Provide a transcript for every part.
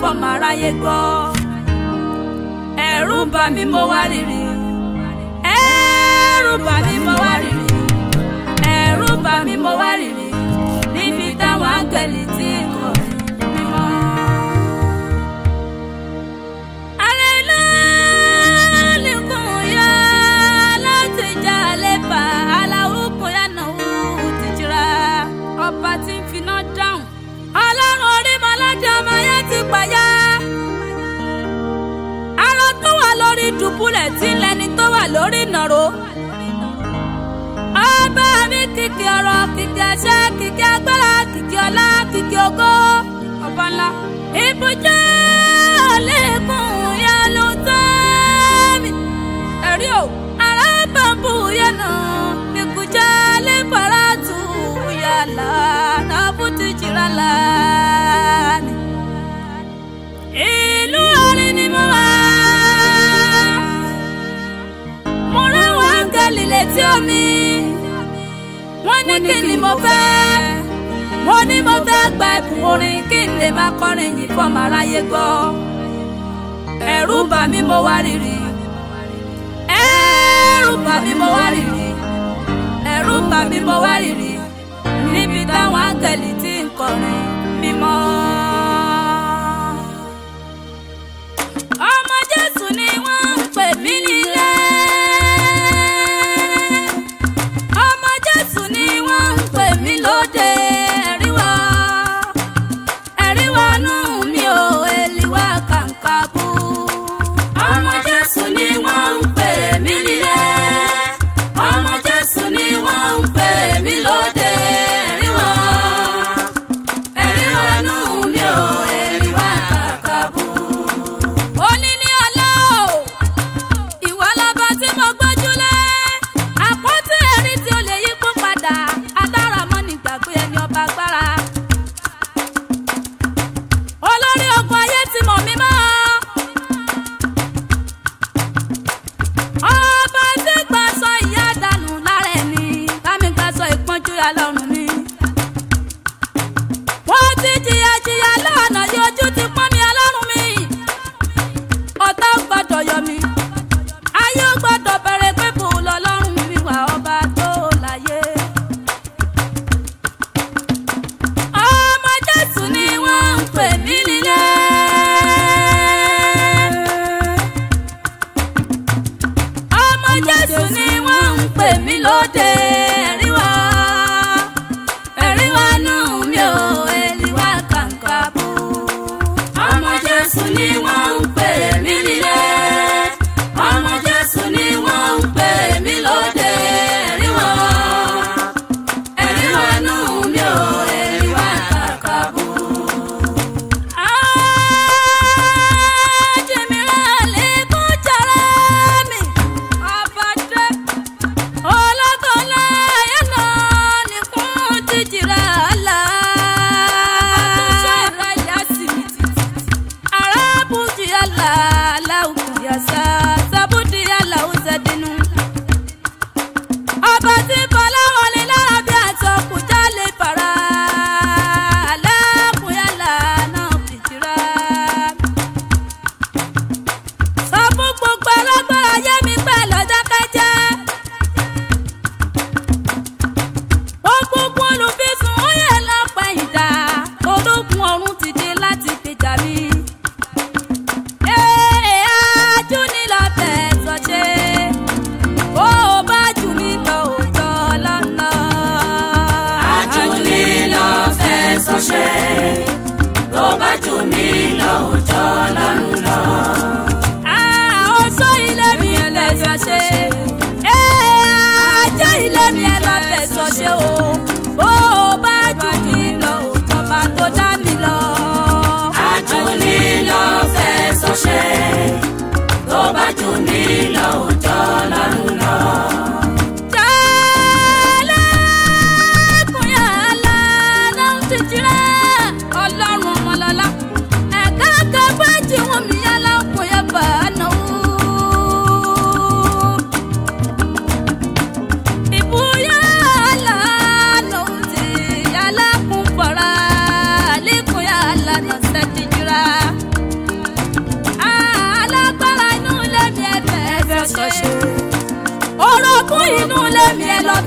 fọmọ aráyé gbọ́ ẹ̀rù mi mí mo wá rìrì ẹ̀rù bà mí mo wá rìrì ẹ̀rù bà mí mo wá rìrì níbi táwọn àgbẹ̀lì tí kò. payá. arọ tó wà lórí dùbúlẹ̀ tí lẹni tó wà lórí nàró. ọba mi kìkì ọ̀rọ̀ kìkì àṣẹ kìkì agbára kìkì ọlá kìkì ògo. ọba ńlá. ibùjọ lẹ́kùn yá ló tẹ́ mi. ẹ̀rí o ará bàbá yẹn nù ikú jẹ́ lẹ́fọ̀rọ̀ tù yàrá náà bùtù jìrà láà. sí omi wọ́n ní kí ni mo fẹ́ mo ní mo fẹ́ gba ẹ̀bùn orin kí n lè máa kọrin yìí fọ́ màá ráyé gbọ́ ẹ̀rù bà mí mo wá rìrì ẹ̀rù bà mí mo wá rìrì ẹ̀rù bà mí mo wá rìrì níbi táwọn áńgẹ̀lì tí ń kọrin mímọ́.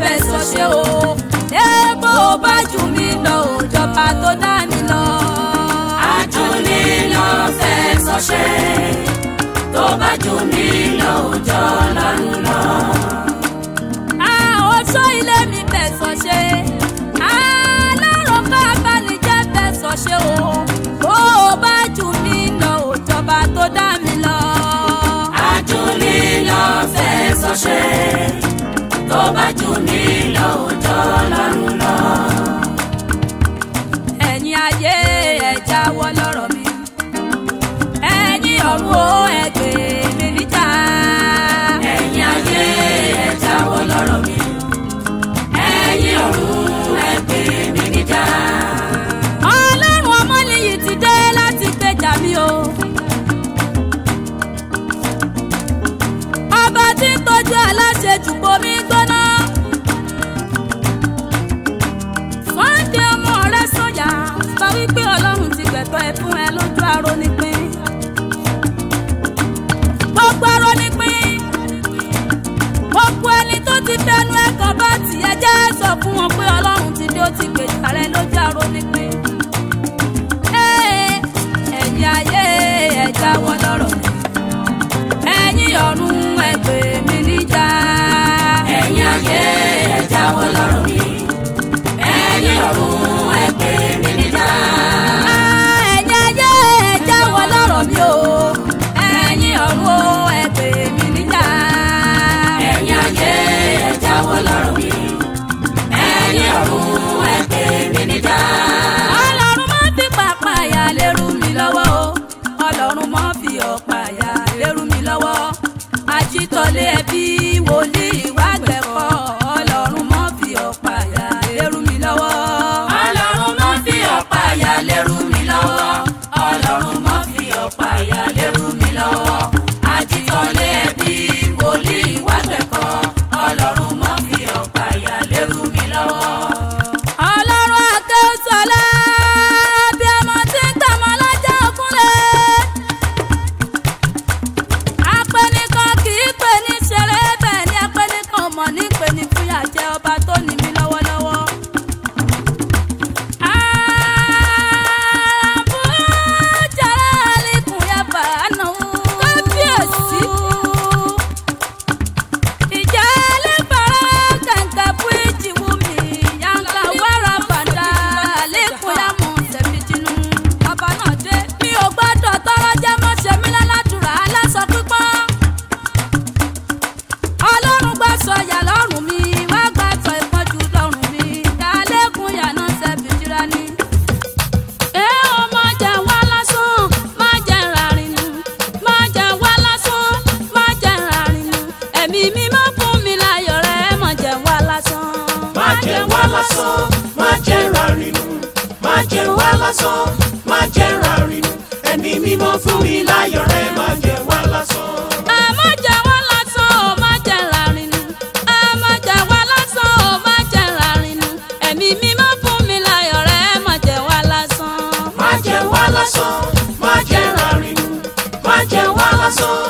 fẹ̀sọ̀ ṣe o débò bá jù mí lọ òjọba tó dá mi lọ. àjùní lọ fẹ̀sọ̀ ṣe tó bá jù mí lọ òjọ lọ́run lọ. a ò tó ilé mi fẹ̀sọ̀ ṣe alárùn ká bánijẹ́ fẹ̀sọ̀ ṣe o bó o bá jù mí lọ òjọba tó dá mi lọ. àjùní lọ fẹ̀sọ̀ ṣe tó bá jù mí lọ òótọ́ lọ́rùn lọ. ẹ̀yin ayé ẹ jáwọ́ lọ́rọ̀ mi ẹ̀yin ọ̀run o. olíwa. lásán má jẹ́ rárí má jẹ́ wá lásán.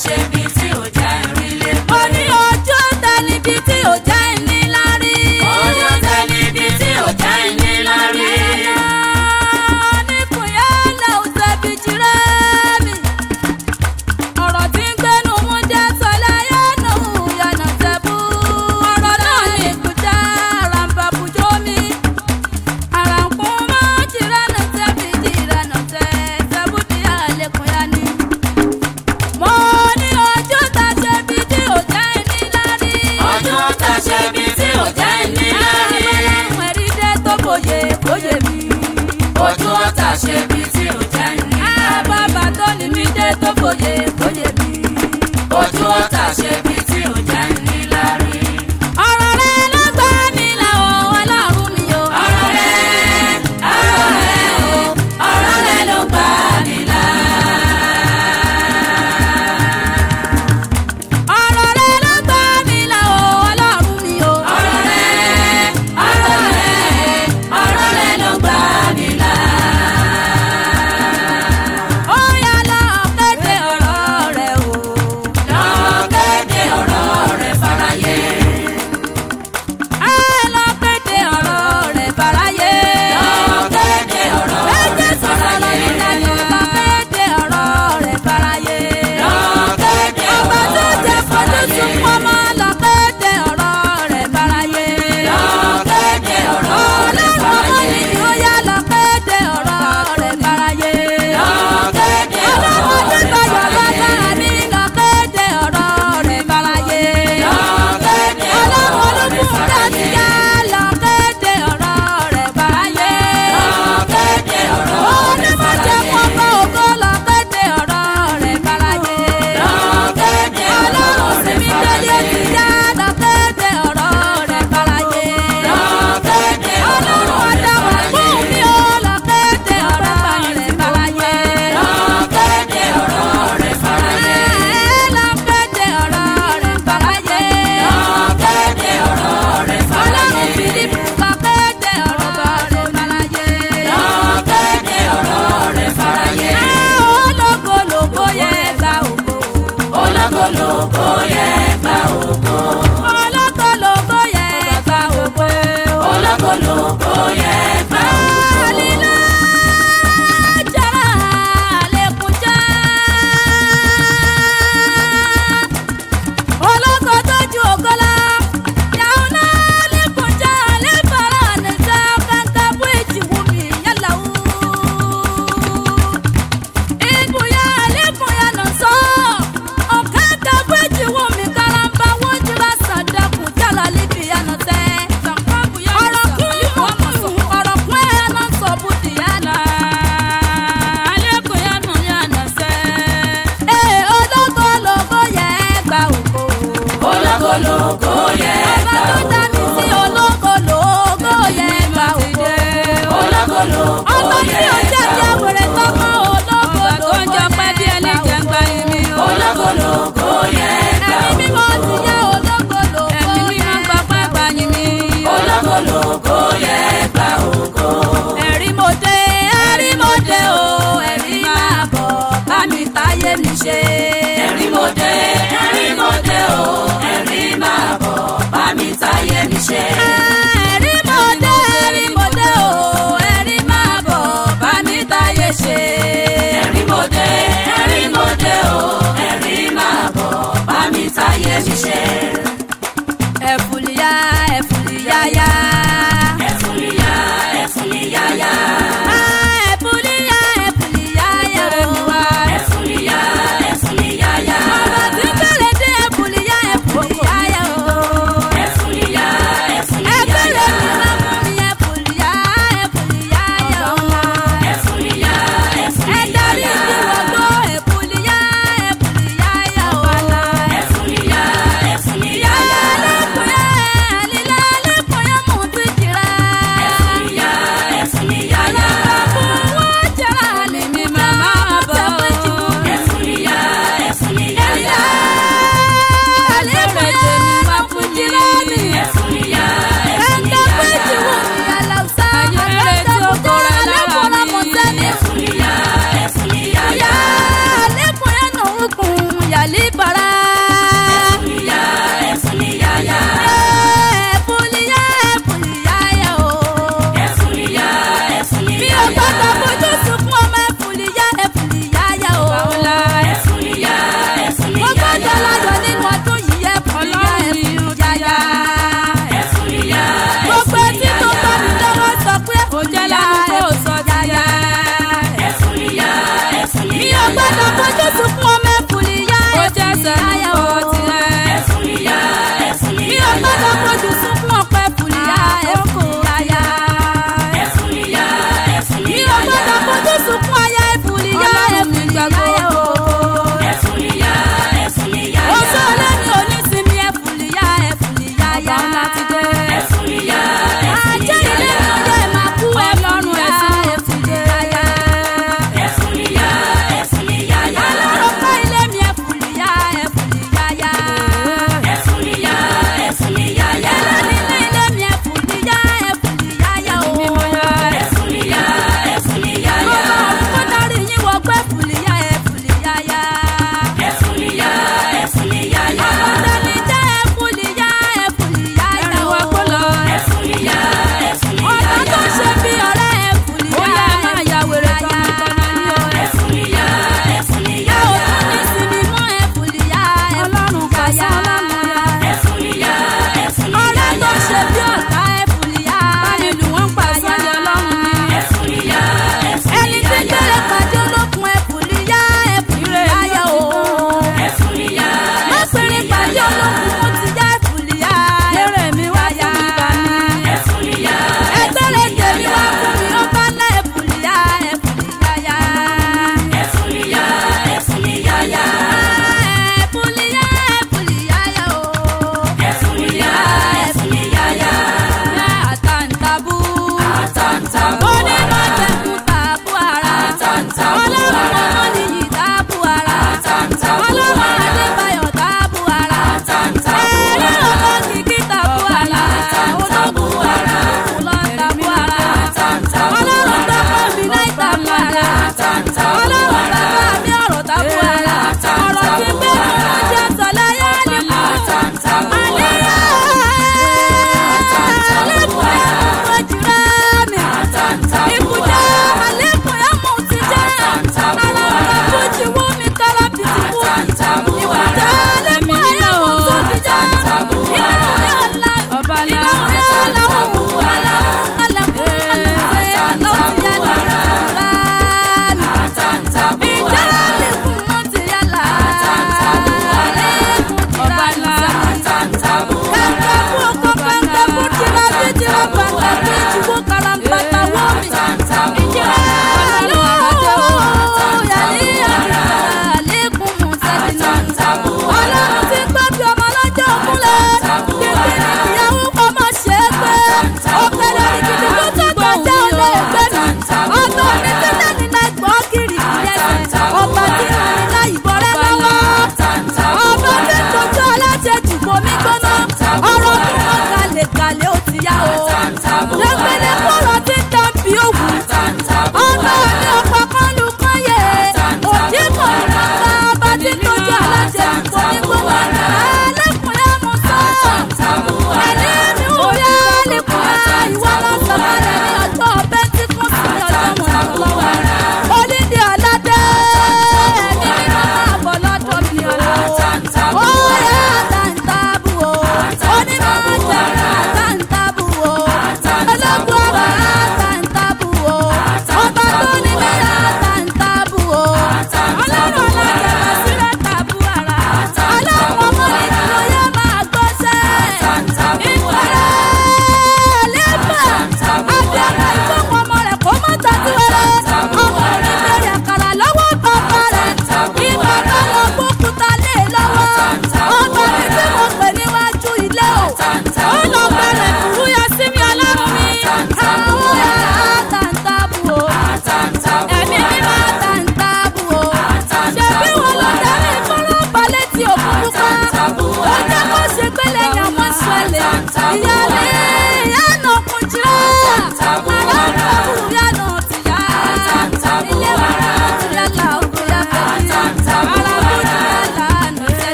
ṣe bí tí ò jẹ́.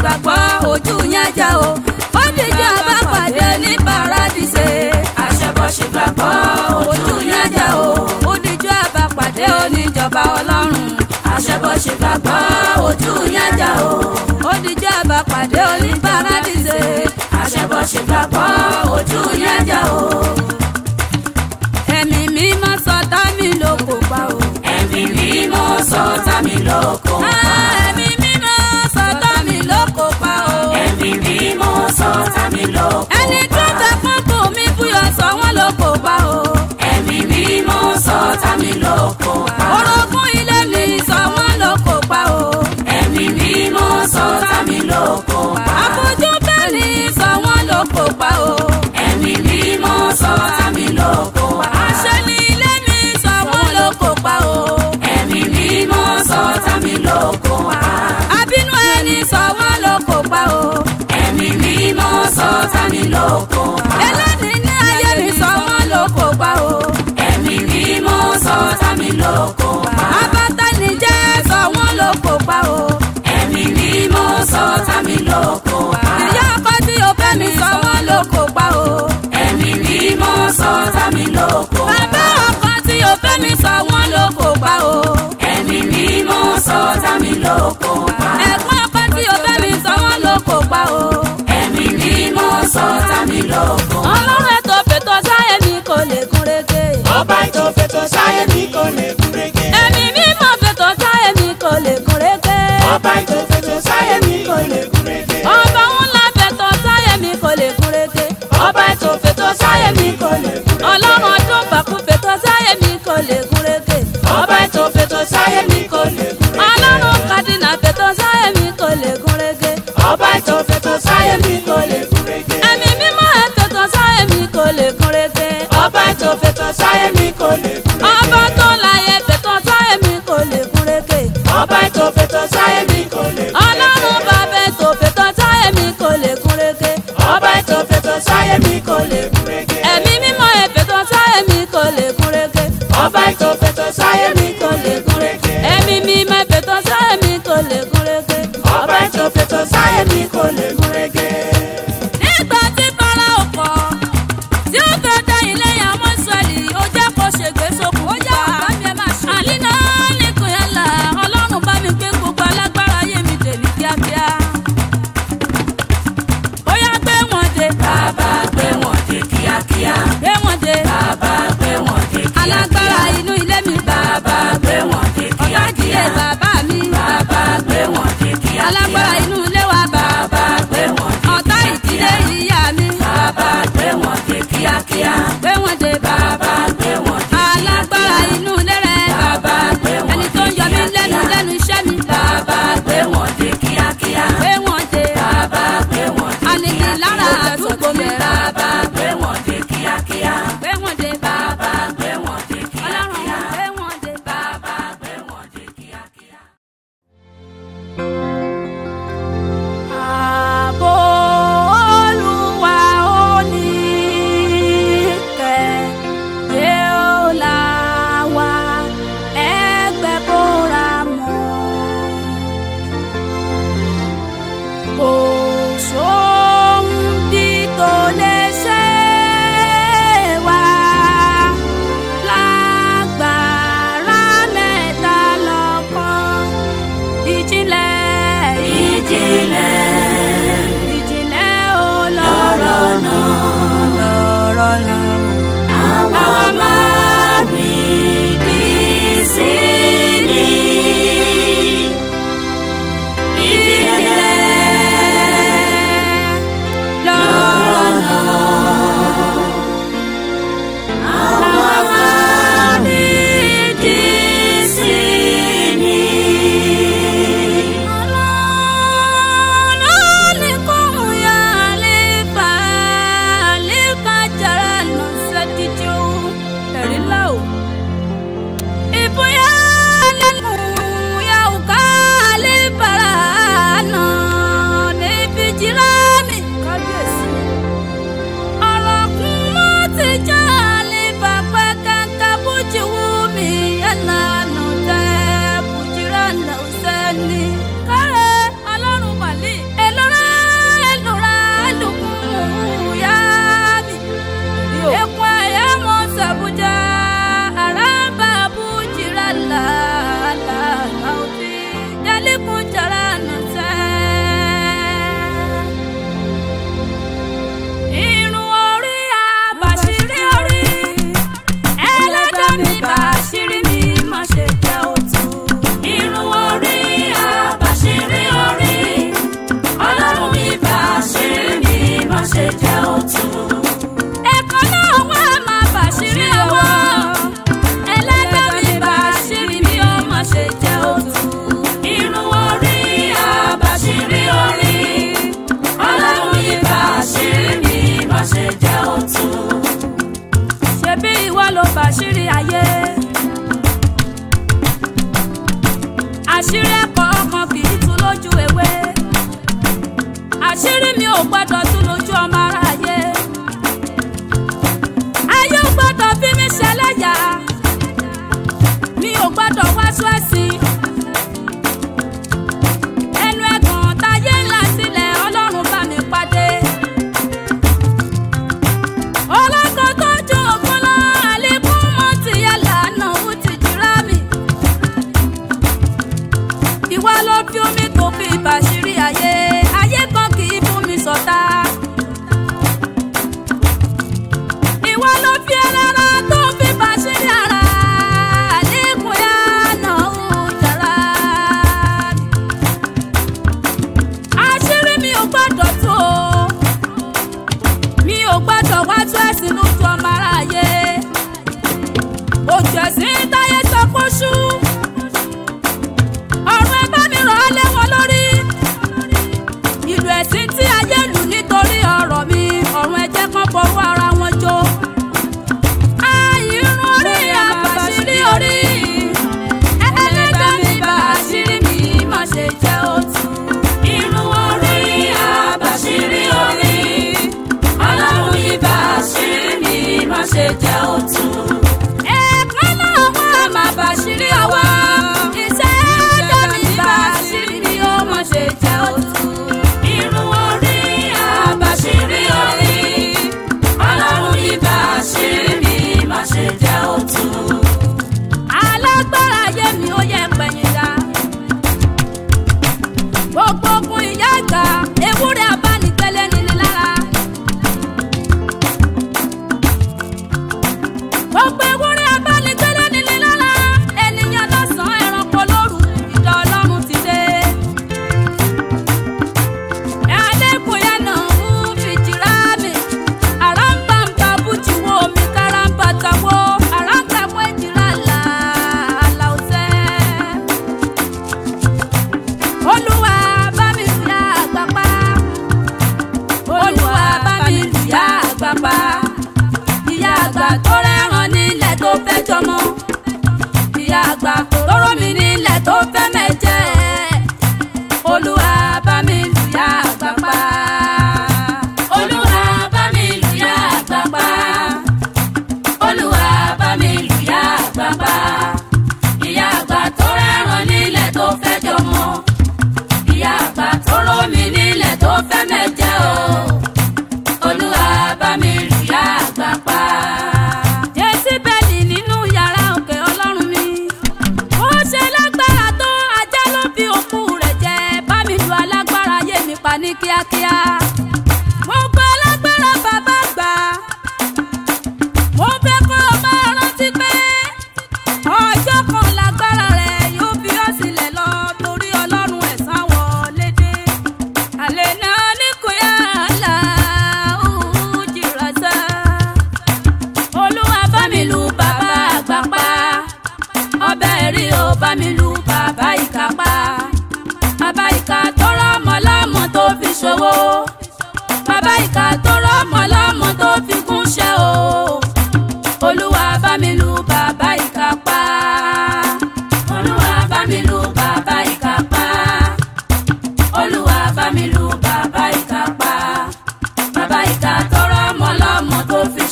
gbàgbọ́ ojú yẹn já o ó dìjọ́ bá pàdé ní paradíṣe. àṣẹbọṣe gbàgbọ́ ojú yẹn já o ó dìjọ́ bá pàdé oníjọba ọlọ́run. àṣẹbọṣe gbàgbọ́ ojú yẹn já o ó dìjọ́ bá pàdé oní paradíṣe. àṣẹbọṣe gbàgbọ́ ojú yẹn já o. ẹ̀mí mímọ́ sọ tá mi lóko pa o. ẹ̀mí mímọ́ sọ tá mi lóko. bàtà mi lò kó bá. ẹni tó ta pọ́ńpọ̀ mi búyọ̀ sọ wọ́n ló kó bá o. ẹ̀mí mímọ́ sọ ta mi lò kó bá. orogún ilé mi sọ wọ́n ló kó bá o. ẹ̀mí mímọ́ sọ ta mi lò kó bá. àfojú bẹ́ẹ̀ sọ wọ́n ló kó bá o. ẹ̀mí mímọ́ sọ ta mi lò kó bá. àṣẹ ni ilé mi sọ wọ́n ló kó bá o. ẹ̀mí mímọ́ sọ ta mi lò kó bá. àbínú ẹni sọ wọ́n ló kó bá o wọ́n sọ tani lóko pa. ẹlẹ́ni ní ayé mi sọ wọ́n lóko pa o. ẹ̀mí mímọ́ sọ tani lóko pa. abátánijẹ́ sọ wọ́n lóko pa o. ẹ̀mí mímọ́ sọ tani lóko pa. ìyá ọkọ tí o fẹ́ mi sọ wọ́n lóko pa o. ẹ̀mí mímọ́ sọ tani lóko pa. bàbá ọkọ tí o fẹ́ mi sọ wọ́n lóko pa o. ẹ̀mí mímọ́ sọ tani lóko pa. ẹ̀gbọ́n ọkọ tí o fẹ́ mi sọ wọ́n lóko pa o sọ tami lóko. ọlọ́run ètò fètò sáyé mi kò lè gún régé. ọba ètò fètò sáyé mi kò lè gún régé. ẹ̀mí mímọ́ fètò sáyé mi kò lè gún régé. ọba ètò fètò.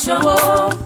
生活。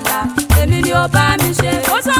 dáadáa èmi ni ó bá mi ṣe. ó sọ